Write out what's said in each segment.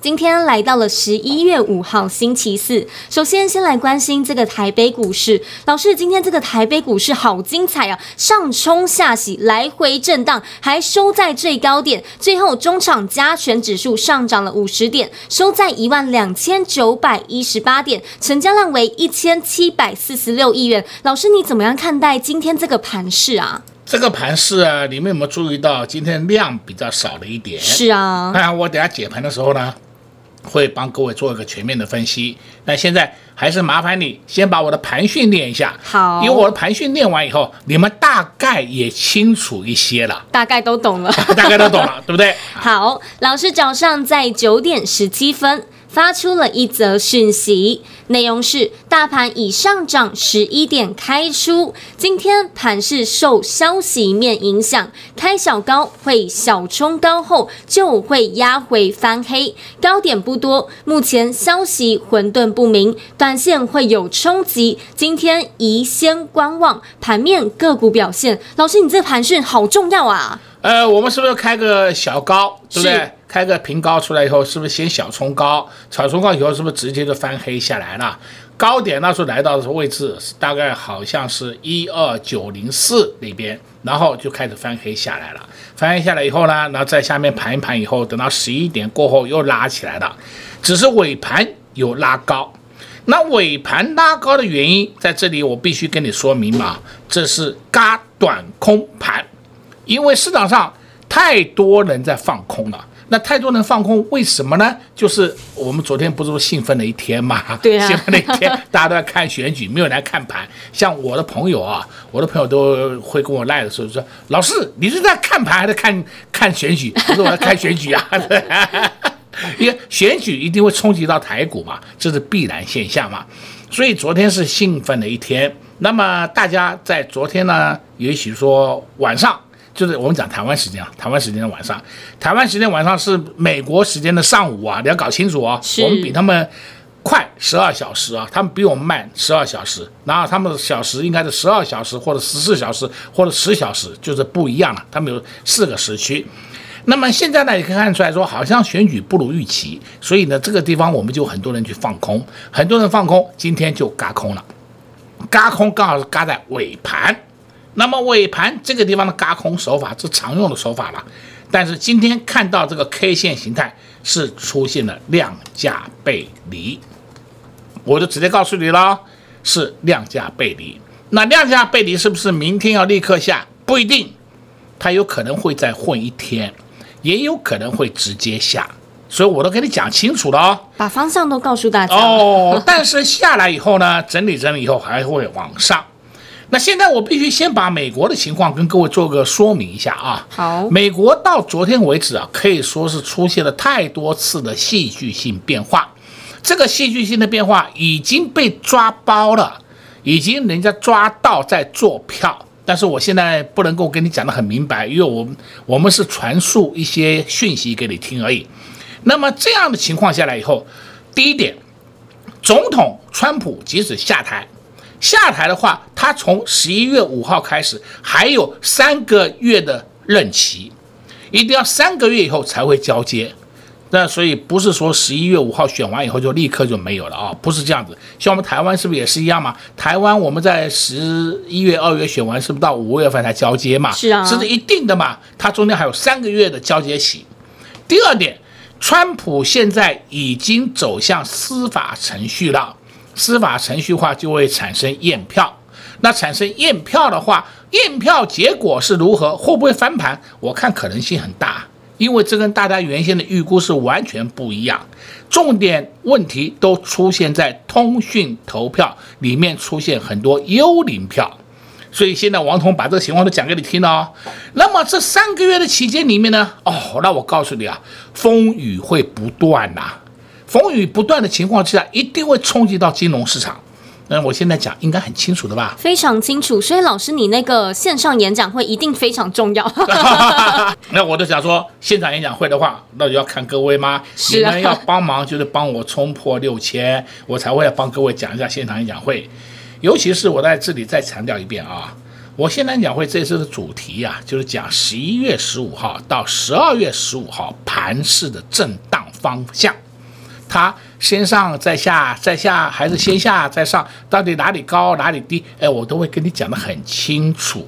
今天來到了十一月五號星期四，首先先來關心這個台北股市。老師，今天這個台北股市好精彩啊，上沖下洗，來回震盪，還收在最高點。最後，中場加權指數上漲了五十點，收在一萬兩千九百一十八點，成交量為一千七百四十六億元。老師，你怎麼樣看待今天這個盤勢啊？這個盤勢啊，你們有沒有注意到今天量比較少了一點？是啊，那，我等下解盤的時候呢？會幫各位做一個全面的分析。那現在還是麻煩你先把我的盤訓練一下，好，因為我的盤訓練完以後，你們大概也清楚一些了，大概都懂了， 大概都懂了，對不對？好，老師早上在九點十七分。發出了一則訊息，內容是：大盤已上漲十一點，開出。今天盤勢受消息面影響，開小高，會小衝高後就會壓回翻黑，高點不多。目前消息混沌不明，短線會有衝擊。今天宜先觀望。盤面個股表現，老師，你這盤訊好重要啊！呃，我們是不是要開個小高，對不對？是開個平高出來以後，是不是先小衝高？小衝高以後，是不是直接就翻黑下來了？高點那時候來到的位置大概好像是一二九零四那邊，然後就開始翻黑下來了。翻黑下來以後呢，然後在下面盤一盤以後，等到十一點過後又拉起來了，只是尾盤有拉高。那尾盤拉高的原因在這裡，我必須跟你說明嘛，這是嘎短空盤，因為市場上太多人在放空了。那太多人放空，為什麼呢？就是我們昨天不是說興奮的一天嘛？對啊，興奮的一天，大家都在看選舉， 沒有人來看盤。像我的朋友啊，我的朋友都會跟我賴的，時候說，老師，你是在看盤還是看看選舉？不是，我在看選舉啊，因為 選舉一定會衝擊到台股嘛，這是必然現象嘛。所以昨天是興奮的一天。那麼大家在昨天呢，也許說晚上。就是我們講台灣時間啊，台灣時間的晚上，台灣時間晚上是美國時間的上午啊，你要搞清楚啊，是我們比他們快十二小時啊，他們比我們慢十二小時，然後他們的小時應該是十二小時或者十四小時或者十小時，就是不一樣了，他們有四個時區。那麼現在呢，也可以看出來說，好像選舉不如預期，所以呢，這個地方我們就很多人去放空，很多人放空，今天就嘎空了，嘎空剛好是嘎在尾盤。那麼尾盤這個地方的軋空手法是常用的手法了，但是今天看到這個 K 線形態是出現了量價背離，我就直接告訴你了，是量價背離。那量價背離是不是明天要立刻下？不一定，它有可能會再混一天，也有可能會直接下。所以我都跟你講清楚了哦，把方向都告訴大家哦。但是下來以後呢，整理整理以後還會往上。那現在我必須先把美國的情況跟各位做個說明一下啊。好，美國到昨天為止啊，可以說是出現了太多次的戲劇性變化，這個戲劇性的變化已經被抓包了，已經人家抓到在做票，但是我現在不能夠跟你講得很明白，因為我們我們是傳述一些訊息給你聽而已。那麼這樣的情況下來以後，第一點，總統川普即使下台。下台的話，他從十一月五號開始還有三個月的任期，一定要三個月以後才會交接。那所以不是說十一月五號選完以後就立刻就沒有了啊，不是這樣子。像我們台灣是不是也是一樣嘛？台灣我們在十一月、二月選完，是不是到五月份才交接嘛？是啊，是的一定的嘛。他中間還有三個月的交接期。第二點，川普現在已經走向司法程序了。司法程序化就會產生驗票，那產生驗票的話，驗票結果是如何？會不會翻盤？我看可能性很大，因為這跟大家原先的預估是完全不一樣。重點問題都出現在通訊投票裡面，出現很多幽靈票，所以現在王彤把這個情況都講給你聽了哦。那麼這三個月的期間裡面呢？哦，那我告訴你啊，風雨會不斷吶。風雨不斷的情況之下，一定會衝擊到金融市場。那我現在講應該很清楚的吧？非常清楚。所以老師，你那個線上演講會一定非常重要。 那我就想說，現場演講會的話，那就要看各位嗎？是啊。你們要幫忙，就是幫我衝破六千，我才會幫各位講一下現場演講會。尤其是我在這裡再強調一遍啊，我現場演講會這次的主題呀、啊，就是講十一月十五號到十二月十五號盤勢的震盪方向。他先上再下，再下還是先下再上？到底哪裡高哪裡低？哎，我都會跟你講得很清楚，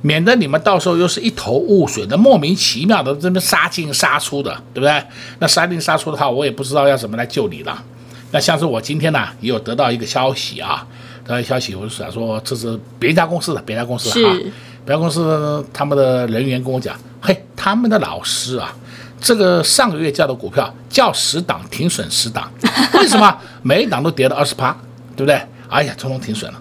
免得你們到時候又是一頭霧水的，莫名其妙的這邊殺進殺出的，對不對？那殺進殺出的話，我也不知道要怎麼來救你了。那像是我今天呢，也有得到一個消息啊，得到消息我就想說，這是別家公司的，別家公司哈、啊，是別家公司他們的人員跟我講，嘿，他們的老師啊。這個上個月叫的股票叫十檔停損十檔，為什麼每一檔都跌到二十八，對不對？哎呀，通通停損了。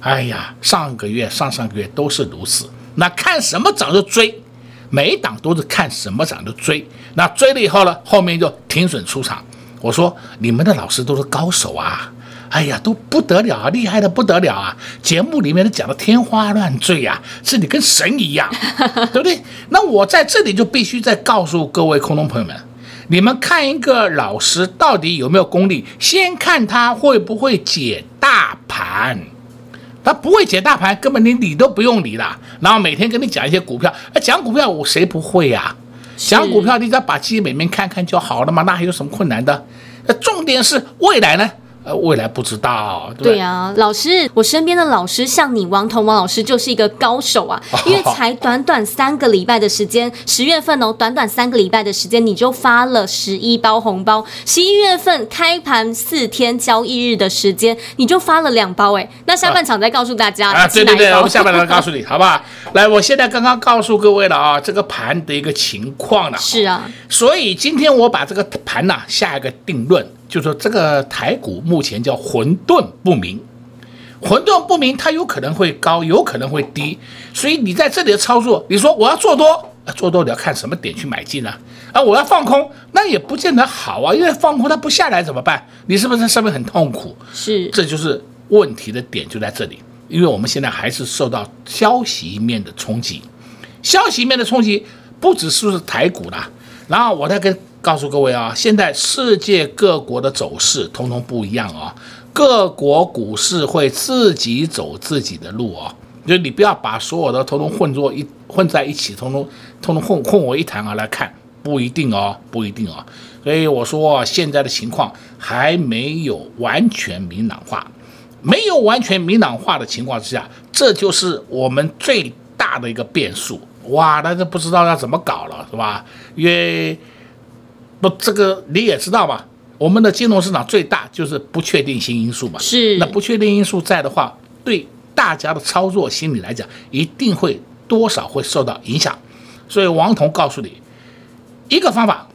哎呀，上個月、上上個月都是如此。那看什麼漲就追，每一檔都是看什麼漲就追。那追了以後呢，後面就停損出場。我說你們的老師都是高手啊。哎呀，都不得了啊，厲害的不得了啊！節目裡面都講的天花亂墜呀、啊，這裡跟神一樣，對不對？ 那我在這裡就必須再告訴各位空中朋友們，你們看一個老師到底有沒有功力，先看他會不會解大盤。他不會解大盤，根本你理都不用理啦。然後每天跟你講一些股票，啊、講股票我誰不會呀、啊？是講股票你只要把基本面看看就好了嘛，那還有什麼困難的？那、啊、重點是未來呢？呃，未來不知道、哦。對呀、啊，老師，我身邊的老師像你王彤王老師就是一個高手啊，哦哦，因為才短短三個禮拜的時間，十月份哦，短短三個禮拜的時間你就發了十一包紅包，十一月份開盤四天交易日的時間你就發了兩包，哎，那下半場再告訴大家啊，啊，對對對，我們下半場再告訴你，好不好？ 來，我現在剛剛告訴各位了啊、哦，這個盤的一個情況啊。是啊，所以今天我把這個盤呢、啊、下一個定論。就說這個台股目前叫混沌不明，混沌不明，它有可能會高，有可能會低，所以你在這裡的操作，你說我要做多，做多你要看什麼點去買進啊？啊，我要放空，那也不見得好啊，因為放空它不下來怎麼辦？你是不是上面很痛苦？是，這就是問題的點就在這裡，因為我們現在還是受到消息面的衝擊，消息面的衝擊不只是，是台股啦，然後我在跟。告訴各位啊，現在世界各國的走勢統統不一樣啊，各國股市會自己走自己的路啊，就你不要把所有的統統混作一混在一起，統統統統混混為一談啊來看，不一定哦、啊，不一定哦、啊。所以我說現在的情況還沒有完全明朗化，沒有完全明朗化的情況之下，這就是我們最大的一個變數哇，那就不知道要怎麼搞了，是吧？因為不，這個你也知道嘛，我們的金融市場最大就是不確定性因素嘛。是。那不確定因素在的話，對大家的操作心理來講，一定會多少會受到影響。所以王彤告訴你一個方法：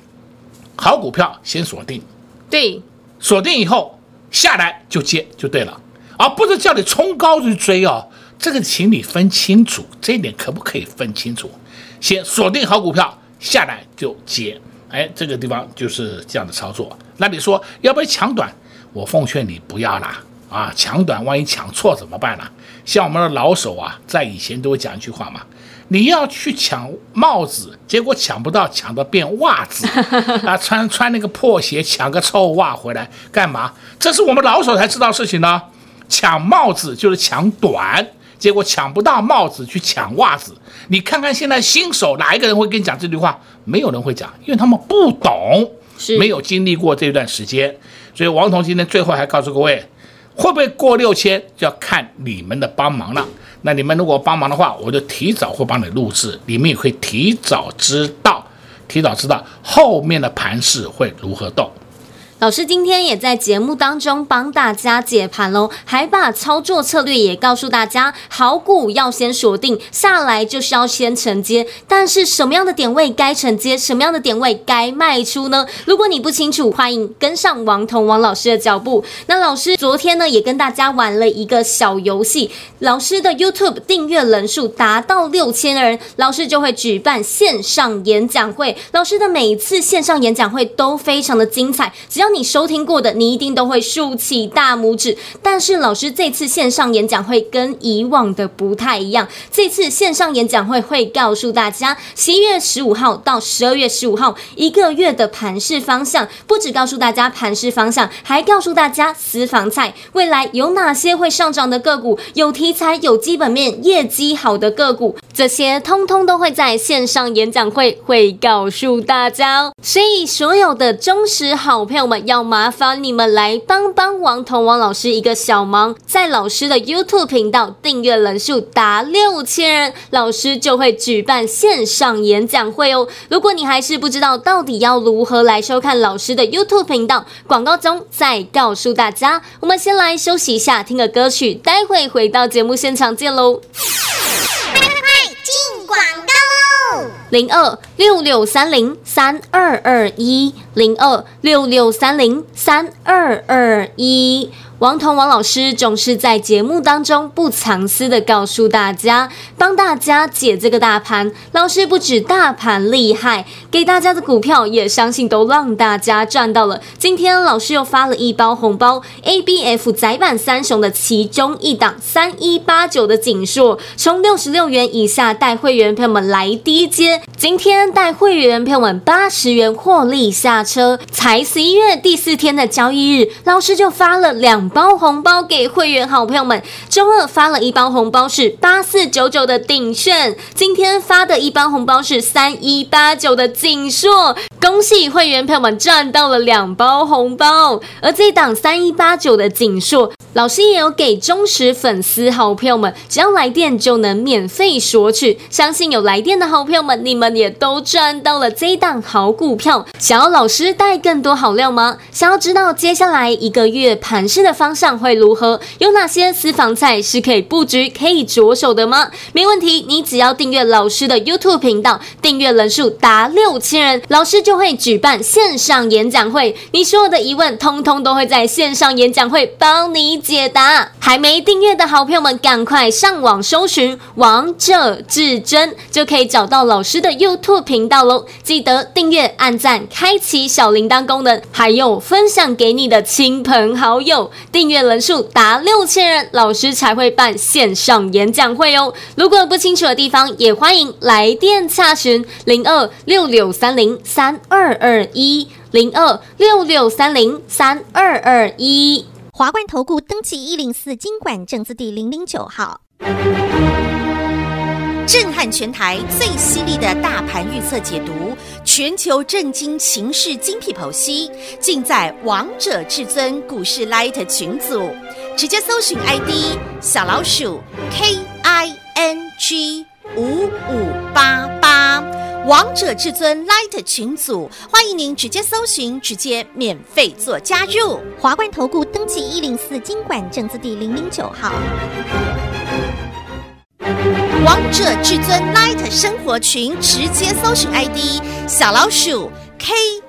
好股票先鎖定。對。鎖定以後下來就接就對了，而、啊、不是叫你衝高就追哦。這個請你分清楚，這一點可不可以分清楚？先鎖定好股票，下來就接。哎，這個地方就是這樣的操作。那你說要不要搶短？我奉勸你不要啦！啊，搶短，萬一搶錯怎麼辦呢？像我們的老手啊，在以前都會講一句話嘛：你要去搶帽子，結果搶不到，搶到變襪子啊，穿穿那個破鞋，搶個臭襪回來幹嘛？這是我們老手才知道的事情呢。搶帽子就是搶短。結果搶不到帽子，去搶襪子。你看看現在新手哪一個人會跟你講這句話？沒有人會講，因為他們不懂，沒有經歷過這段時間。所以王彤今天最後還告訴各位，會不會過六千，就要看你們的幫忙了。那你們如果幫忙的話，我就提早會幫你錄製，你們也會提早知道，提早知道後面的盤勢會如何動。老師今天也在節目當中幫大家解盤嘍，還把操作策略也告訴大家。好股要先鎖定下來，就是要先承接。但是什麼樣的點位該承接，什麼樣的點位該賣出呢？如果你不清楚，歡迎跟上王彤王老師的腳步。那老師昨天呢也跟大家玩了一個小遊戲，老師的 YouTube 訂閱人數達到六千人，老師就會舉辦線上演講會。老師的每一次線上演講會都非常的精彩，只要。你收聽過的，你一定都會豎起大拇指。但是老師這次線上演講會跟以往的不太一樣，這次線上演講會會告訴大家，十一月十五號到十二月十五號一個月的盤勢方向，不只告訴大家盤勢方向，還告訴大家私房菜未來有哪些會上漲的個股，有題材、有基本面、業績好的個股。這些通通都會在線上演講會會告訴大家哦，所以所有的忠實好朋友們，要麻煩你們來幫幫王同王老師一個小忙，在老師的 YouTube 頻道訂閱人數達六千人，老師就會舉辦線上演講會哦。如果你還是不知道到底要如何來收看老師的 YouTube 頻道，廣告中再告訴大家。我們先來休息一下，聽個歌曲，待會回到節目現場見嘍。廣告嘍！零二六六三零三二二一，零二六六三零三二二一。王彤王老師總是在節目當中不藏私的告訴大家，幫大家解這個大盤。老師不止大盤厲害，給大家的股票也相信都讓大家賺到了。今天老師又發了一包紅包，A B F 載板三雄的其中一檔三一八九的景碩，從六十六元以下帶會員朋友們來低接，今天帶會員朋友們八十元獲利下車，才十一月第四天的交易日，老師就發了兩。包紅包給會員好朋友們，週二發了一包紅包是八四九九的鼎炫。今天發的一包紅包是三一八九的景碩，恭喜會員朋友們賺到了兩包紅包，而這檔三一八九的景碩。老師也有給忠實粉絲好朋友們，只要來電就能免費索取。相信有來電的好朋友們，你們也都賺到了這一檔好股票。想要老師帶更多好料嗎？想要知道接下來一個月盤勢的方向會如何？有哪些私房菜是可以布局、可以着手的嗎？沒問題，你只要訂閱老師的 YouTube 頻道，訂閱人數達六千人，老師就會舉辦線上演講會。你所有的疑問，通通都會在線上演講會幫你解答。還沒訂閱的好朋友們，趕快上網搜尋“王者至尊”，就可以找到老師的 YouTube 頻道嘍。記得訂閱、按讚、開啟小鈴鐺功能，還有分享給你的親朋好友。訂閱人數達六千人，老師才會辦線上演講會哦。如果有不清楚的地方，也歡迎來電查詢零二六六三零三二二一零二六六三零三二二一。華冠投顧登記一零四金管證字第零零九號，震撼全台最犀利的大盤預測解讀，全球震驚情勢精闢剖析，盡在王者至尊股市 LINE 群組，直接搜尋 ID 小老鼠 K I N G 五五八八。王者至尊 Light 群組，歡迎您直接搜尋，直接免費做加入。華冠投顧登記一零四金管證字第零零九號。王者至尊 Light 生活群，直接搜尋 ID 小老鼠 KING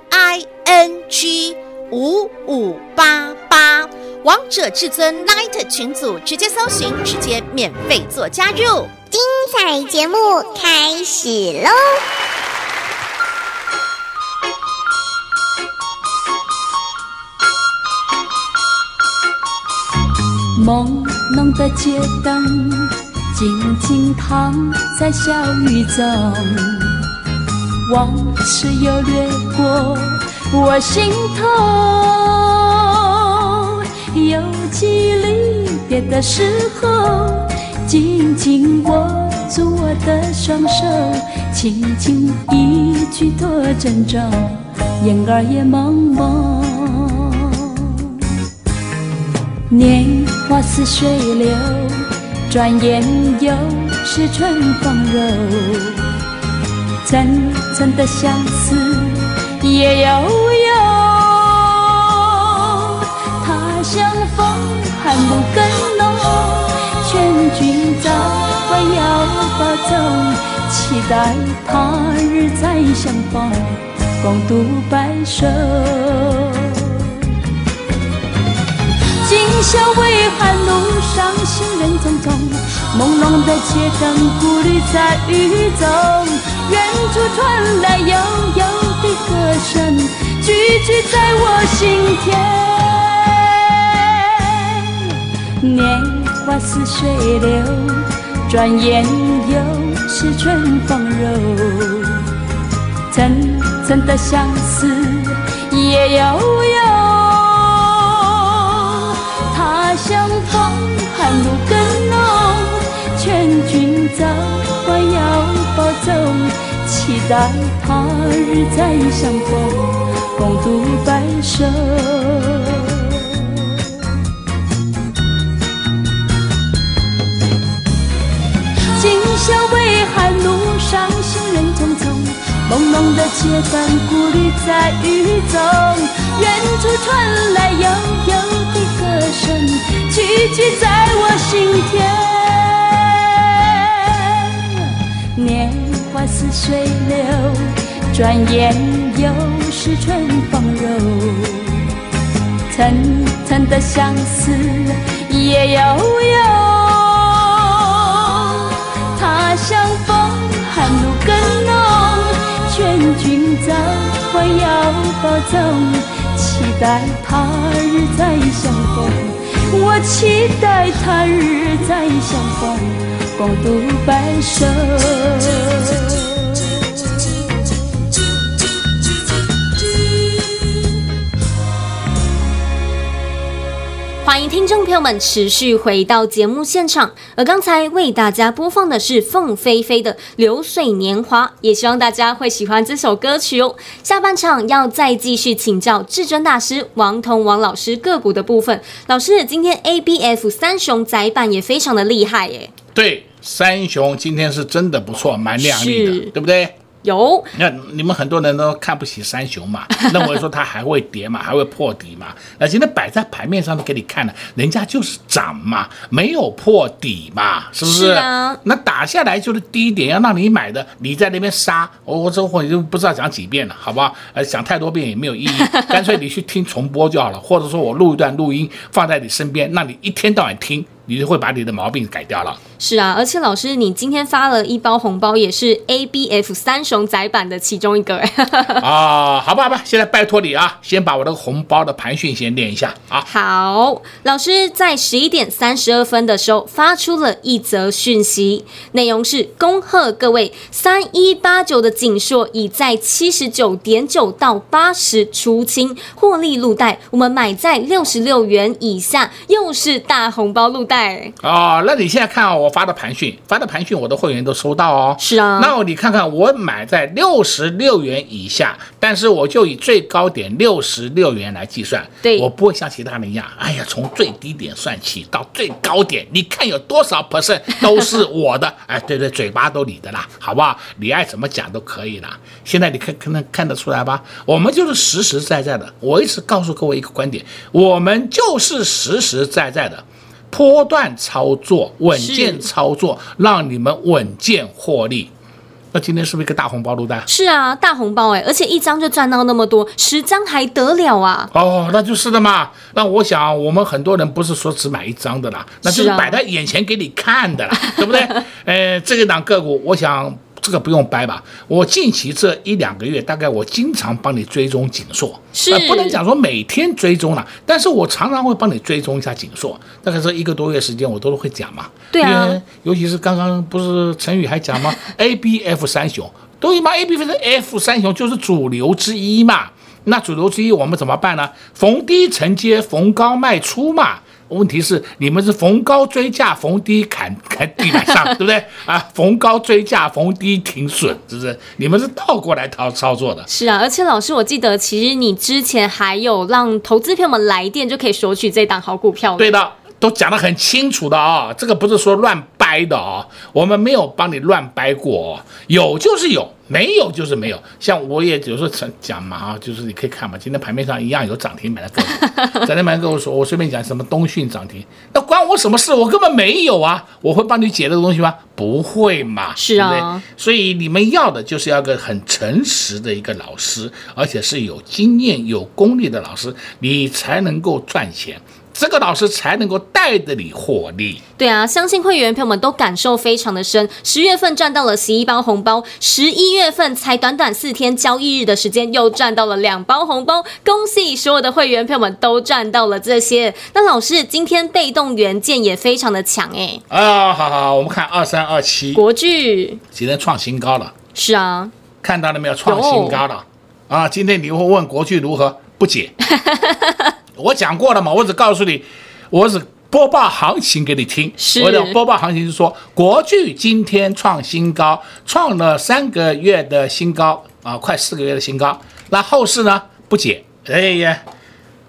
五五八八。王者至尊 Light 群組，直接搜尋，直接免費做加入。精彩節目開始嘍！朦朧的街燈靜靜躺在小雨中，往事又掠過我心頭，猶記離別的時候。緊緊握住我的雙手，輕輕一句多珍重，眼兒也朦朦。年華似水流，轉眼又是春風柔，層層的相思也悠悠。他鄉風寒露更濃。勸君早晚要早走，期待他日再相逢，共度白首。今宵微寒，路上行人匆匆，朦朧的街燈，孤旅在雨中。遠處傳來悠悠的歌聲，句句在我心田，念。花似水流，轉眼又是春風柔。層層的相思夜悠悠。他鄉風寒露更濃，勸君早晚要暴走，期待他日再相逢，共度白首。小微寒，路上行人匆匆，朦朧的街燈，孤旅在雨中。遠處傳來悠悠的歌聲，句句在我心田。年華似水流，轉眼又是春風柔。層層的相思，也悠悠。.相逢風寒露更濃，勸君早晚要保重，期待他日再相逢。我期待他日再相逢，共度白首。聽眾朋友們，持續回到節目現場，而剛才為大家播放的是鳳飛飛的《流水年華》，也希望大家會喜歡這首歌曲哦。下半場要再繼續請教至尊大師王同王老師個股的部分。老師，今天 A B F 三雄載板也非常的厲害耶、欸。對，三雄今天是真的不錯，蠻亮麗的，是對不對？有那你們很多人都看不起三雄嘛，認為說它還會跌嘛， 還會破底嘛。那現在擺在牌面上都給你看了，人家就是漲嘛，沒有破底嘛，是不是？是啊。那打下來就是低點，要讓你買的，你在那邊殺，我我這會就不知道講幾遍了，好不好？呃，講太多遍也沒有意義， 乾脆你去聽重播就好了，或者說我錄一段錄音放在你身邊，那你一天到晚聽，你就會把你的毛病改掉了。是啊，而且老師，你今天發了一包紅包，也是 A B F 三雄載板的其中一個、欸。呵呵啊，好吧好吧，現在拜託你啊，先把我這個紅包的盤訊先念一下啊。好，好，老師在十一點三十二分的時候發出了一則訊息，內容是恭賀各位，三一八九的景碩已在七十九點九到八十出清獲利入袋，我們買在六十六元以下，又是大紅包入袋、欸。啊，那你現在看、啊、我。發的盤訊，發的盤訊，我的會員都收到哦。是啊，那我你看看，我買在六十六元以下，但是我就以最高點六十六元來計算。對，我不會像其他人一樣，哎呀，從最低點算起到最高點，你看有多少 percent 都是我的。 哎，對對，嘴巴都你的啦，好不好？你愛怎麼講都可以啦。現在你看，可能看得出來吧？我們就是實實在在的。我一直告訴各位一個觀點，我們就是實實在在的。波段操作，穩健操作，是讓你們穩健獲利。那今天是不是一個大紅包露單？是啊，大紅包哎、欸，而且一張就賺到那麼多，十張還得了啊？哦，那就是的嘛。那我想，我們很多人不是說只買一張的啦，那就是擺在眼前給你看的啦，啊、對不對？ 呃這個檔個股，我想。這個不用掰吧？我近期這一兩個月，大概我經常幫你追蹤緊縮，是不能講說每天追蹤了、啊，但是我常常會幫你追蹤一下緊縮。大概這一個多月時間，我都會講嘛。對啊，尤其是剛剛不是陳宇還講嗎？A B F 三雄對嗎？A B F 三雄就是主流之一嘛。那主流之一我們怎麼辦呢？逢低承接，逢高賣出嘛。問題是你們是逢高追價，逢低砍砍地板上，對不對 啊？逢高追價，逢低停損，是不是？你們是倒過來操操作的？是啊，而且老師，我記得其實你之前還有讓投資朋友們來電就可以索取這檔好股票，對的。都講得很清楚的啊、哦，這個不是說亂掰的啊、哦，我們沒有幫你亂掰過，有就是有，沒有就是沒有。像我也有時候講嘛啊，就是你可以看嘛，今天盤面上一樣有漲停，買了 在那邊跟我說，我隨便講什麼東訊漲停，那關我什麼事？我根本沒有啊，我會幫你解這個東西嗎？不會嘛，是啊，對不對，所以你們要的就是要個很誠實的一個老師，而且是有經驗、有功力的老師，你才能夠賺錢。這個老師才能夠帶着你獲利。對啊，相信會員朋友們都感受非常的深。十月份賺到了十一包紅包，十一月份才短短四天交易日的時間，又賺到了兩包紅包。恭喜所有的會員朋友們都賺到了這些。那老師今天被動元件也非常的強哎、欸。啊、哦，好好，我們看二三二七國巨具，今天創新高了。是啊，看到了沒有？創新高了、oh. 啊！今天你會問國巨如何？不解。 我講過了嘛，我只告訴你，我只播報行情給你聽。是我講播報行情是說，國巨今天創新高，創了三個月的新高啊，快四個月的新高。那後市呢？不解哎呀。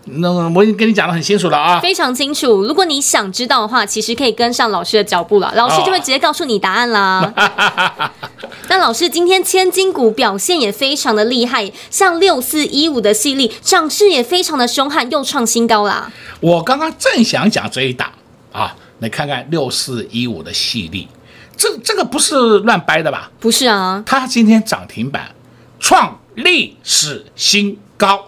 那我已經跟你講得很清楚了啊，非常清楚。如果你想知道的話，其實可以跟上老師的腳步了，老師就會直接告訴你答案啦。哦啊、 那老師今天千金股表現也非常的厲害，像六四一五的矽力漲勢也非常的兇悍，又創新高啦、啊。我剛剛正想講這一檔啊，你看看六四一五的矽力，這這個不是亂掰的吧？不是啊，它今天漲停板創歷史新高。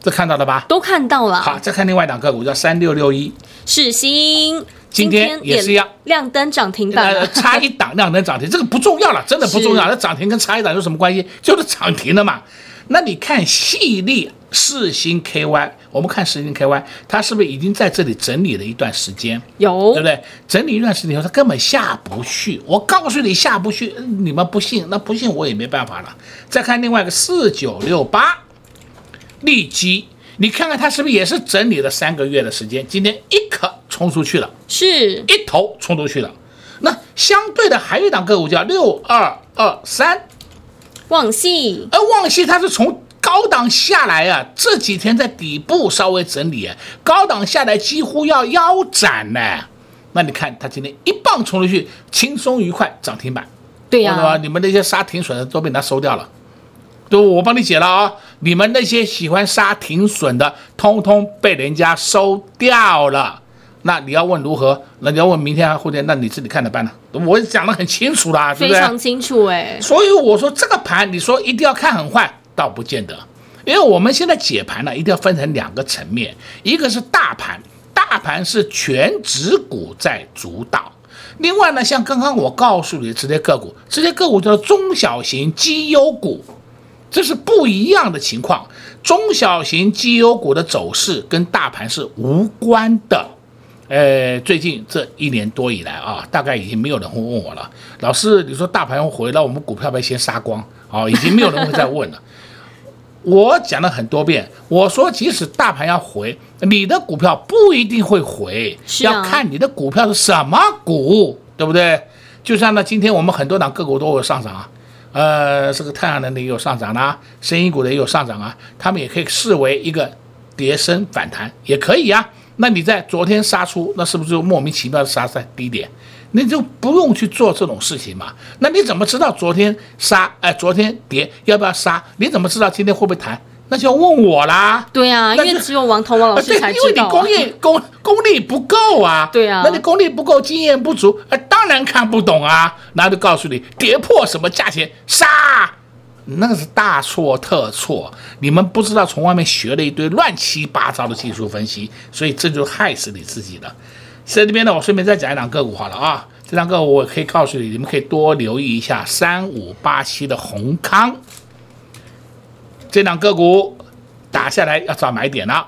這看到了吧？都看到了。好，再看另外一檔個股，我叫三六六一，世芯。今天也是一樣，亮燈漲停板，呃，差一檔 亮燈漲停，這個不重要了，真的不重要。是那漲停跟差一檔有什麼關係？就是漲停了嘛。那你看細粒世芯 KY，我們看世芯 KY，它是不是已經在這裡整理了一段時間？有，對不對？整理一段時間以後，它根本下不去。我告訴你下不去，你們不信，那不信我也沒辦法了。再看另外一個四九六八。利基，你看看他是不是也是整理了三個月的時間？今天一顆衝出去了，是一頭衝出去了。那相對的還有一檔個股叫六二二三，旺矽。而旺矽它是從高檔下來啊，這幾天在底部稍微整理，啊，高檔下來幾乎要腰斬呢，啊。那你看它今天一棒衝出去，輕鬆愉快漲停板。對呀，啊哦，你們那些殺停損的都被它收掉了。對，我幫你解了啊、哦。你們那些喜歡殺停損的，通通被人家收掉了。那你要問如何？那你要問明天啊後天？那你自己看着辦呢、啊。我講得很清楚啦、啊，對不對？非常清楚誒、欸、所以我說這個盤，你說一定要看很壞，倒不見得。因為我們現在解盤呢，一定要分成兩個層面，一個是大盤，大盤是權值股在主導；另外呢，像剛剛我告訴你的這些個股，這些個股叫做中小型績優股。這是不一樣的情況，中小型績優股的走勢跟大盤是無關的。呃，最近這一年多以來啊，大概已經沒有人會問我了。老師，你說大盤要回了，那我們股票被先殺光啊、哦？已經沒有人會再問了。 我講了很多遍，我說即使大盤要回，你的股票不一定會回，啊、要看你的股票是什麼股，對不對？就像呢，今天我們很多檔個股都有上漲、啊。呃，這個太陽能的也有上漲啦，生技股的也有上漲啊，他、啊、們也可以視為一個跌深反彈，也可以啊，那你在昨天殺出，那是不是就莫名其妙的殺在低點？你就不用去做這種事情嘛。那你怎麼知道昨天殺？哎、呃，昨天跌要不要殺？你怎麼知道今天會不會彈？那就要問我啦，對啊，就因為只有王濤王老師才知道啊。對，因為你功力功功力不夠啊，對啊，那你功力不夠，經驗不足，哎，當然看不懂啊。然後就告訴你跌破什麼價錢殺，那個是大錯特錯。你們不知道從外面學了一堆亂七八糟的技術分析，所以這就害死你自己了。在這邊呢，我順便再講一講個股好了啊。這張個股我可以告訴你，你們可以多留意一下三五八七的紅康。這兩個股打下來要找買點了。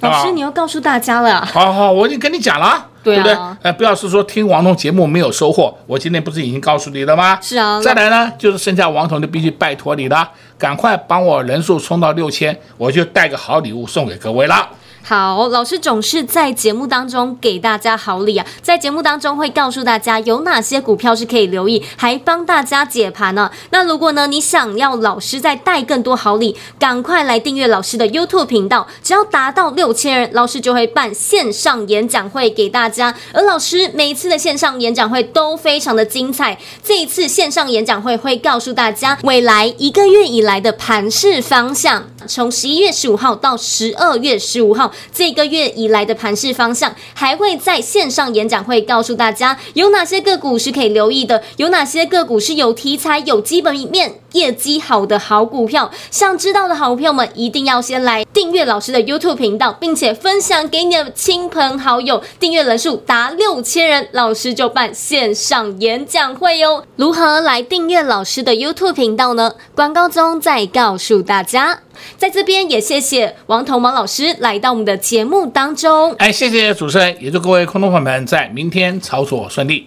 老師，哦、你又告訴大家了。好，好好，我已經跟你講了，對，啊、對不對？哎、呃，不要是說聽王總節目沒有收穫，我今天不是已經告訴你了嗎？是啊。再來呢，就是剩下王總就必須拜託你了，趕快幫我人數衝到六千，我就帶個好禮物送給各位了。好，老師總是在節目當中給大家好禮啊，在節目當中會告訴大家有哪些股票是可以留意，還幫大家解盤呢、啊，那如果呢，你想要老師再帶更多好禮，趕快來訂閱老師的 YouTube 頻道。只要達到六千人，老師就會辦線上演講會給大家。而老師每一次的線上演講會都非常的精彩。這一次線上演講會會告訴大家未來一個月以來的盤勢方向，從十一月十五號到十二月十五號。這個月以來的盤勢方向，還會在線上演講會告訴大家有哪些個股是可以留意的，有哪些個股是有題材、有基本面，業績好的好股票，想知道的好朋友們，一定要先來訂閱老師的 YouTube 頻道，並且分享給你的親朋好友。訂閱人數達六千人，老師就辦線上演講會喲。如何來訂閱老師的 YouTube 頻道呢？廣告中再告訴大家。在這邊也謝謝王頭毛老師來到我們的節目當中。哎，謝謝主持人，也祝各位空中朋友們在明天操作順利。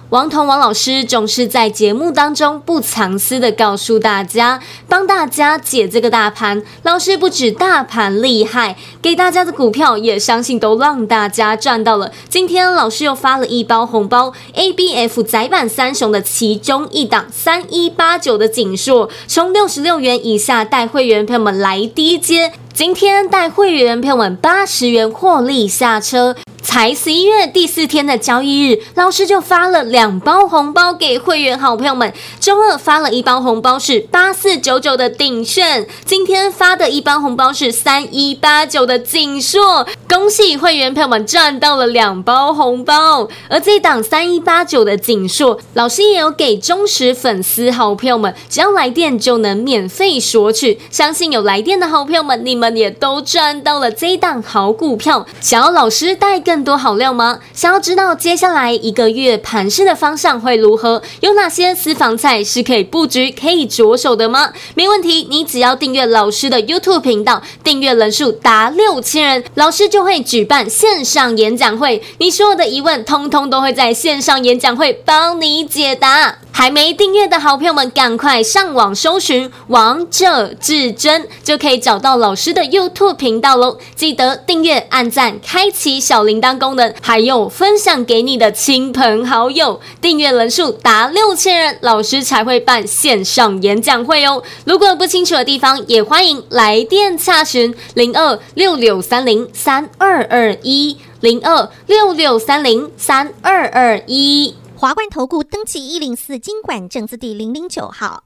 王彤王老師總是在節目當中不藏私的告訴大家，幫大家解這個大盤。老師不止大盤厲害，給大家的股票也相信都讓大家賺到了。今天老師又發了一包紅包，A B F 載板三雄的其中一檔三一八九的景碩，從六十六元以下帶會員朋友們來低接。今天帶會員朋友們，八十元獲利下車，才十一月第四天的交易日，老師就發了兩包紅包給會員好朋友們。週二發了一包紅包是八四九九的鼎炫今天發的一包紅包是三一八九的景碩。恭喜會員朋友們賺到了兩包紅包。而這檔三一八九的景碩，老師也有給忠實粉絲好朋友們，只要來電就能免費索取。相信有來電的好朋友們，你們也都賺到了這一檔好股票。想要老師帶更多好料嗎？想要知道接下來一個月盤勢的方向會如何？有哪些私房菜是可以布局、可以着手的嗎？沒問題，你只要訂閱老師的 YouTube 頻道，訂閱人數達六千人，老師就會舉辦線上演講會。你所有的疑問，通通都會在線上演講會幫你解答。還沒訂閱的好朋友們，趕快上網搜尋“王者至尊”，就可以找到老師。的 YouTube 頻道嘍，記得訂閱、按贊、開啟小鈴鐺功能，還有分享給你的親朋好友。訂閱人數達六千人，老師才會辦線上演講會哦。如果有不清楚的地方，也歡迎來電查詢零二六六三零三二二一零二六六三零三二二一。1, 華冠投顧登記一零四經管證字第零零九號。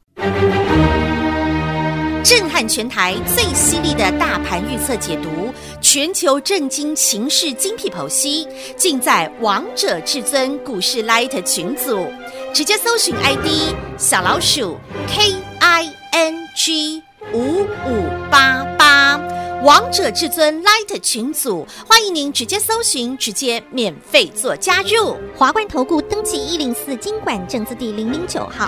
震撼全台最犀利的大盤預測解讀，全球震驚情勢精闢剖析，盡在王者至尊股市 Light 群組，直接搜尋 ID 小老鼠 K I N G 五五八八，88，王者至尊 Light 群組，歡迎您直接搜尋，直接免費做加入。華冠投顧登記一零四金管證字第零零九號。